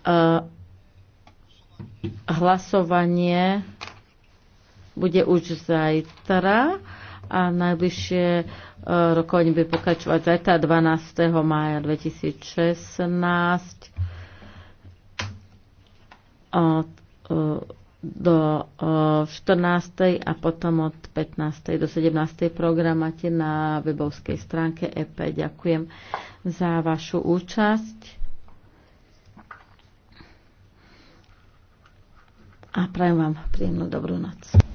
Eh, hlasovanie bude už zajtra a najbližšie eh, rokovanie bude pokračovať zajtra 12. mája 2016 od, eh, do 14. a potom od 15. do 17. programate na webovskej stránke EP. Ďakujem za vašu účasť. a prajem vám príjemnú dobrú noc.